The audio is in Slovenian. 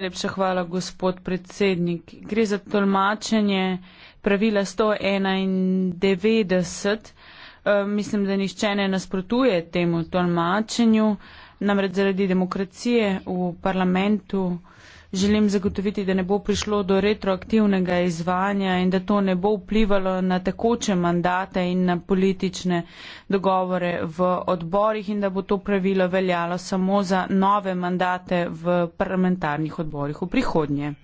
Najlepša hvala, gospod predsednik. Gre za tolmačenje pravila 191. Uh, eh, mislim, da nišče ne nasprotuje temu tolmačenju. Uh, Namreč zaradi demokracije v parlamentu želim zagotoviti, da ne bo prišlo do retroaktivnega izvajanja in da to ne bo vplivalo na tekoče mandate in na politične dogovore v odborih in da bo to pravilo veljalo samo za nove mandate v parlamentarnih odborih v prihodnje.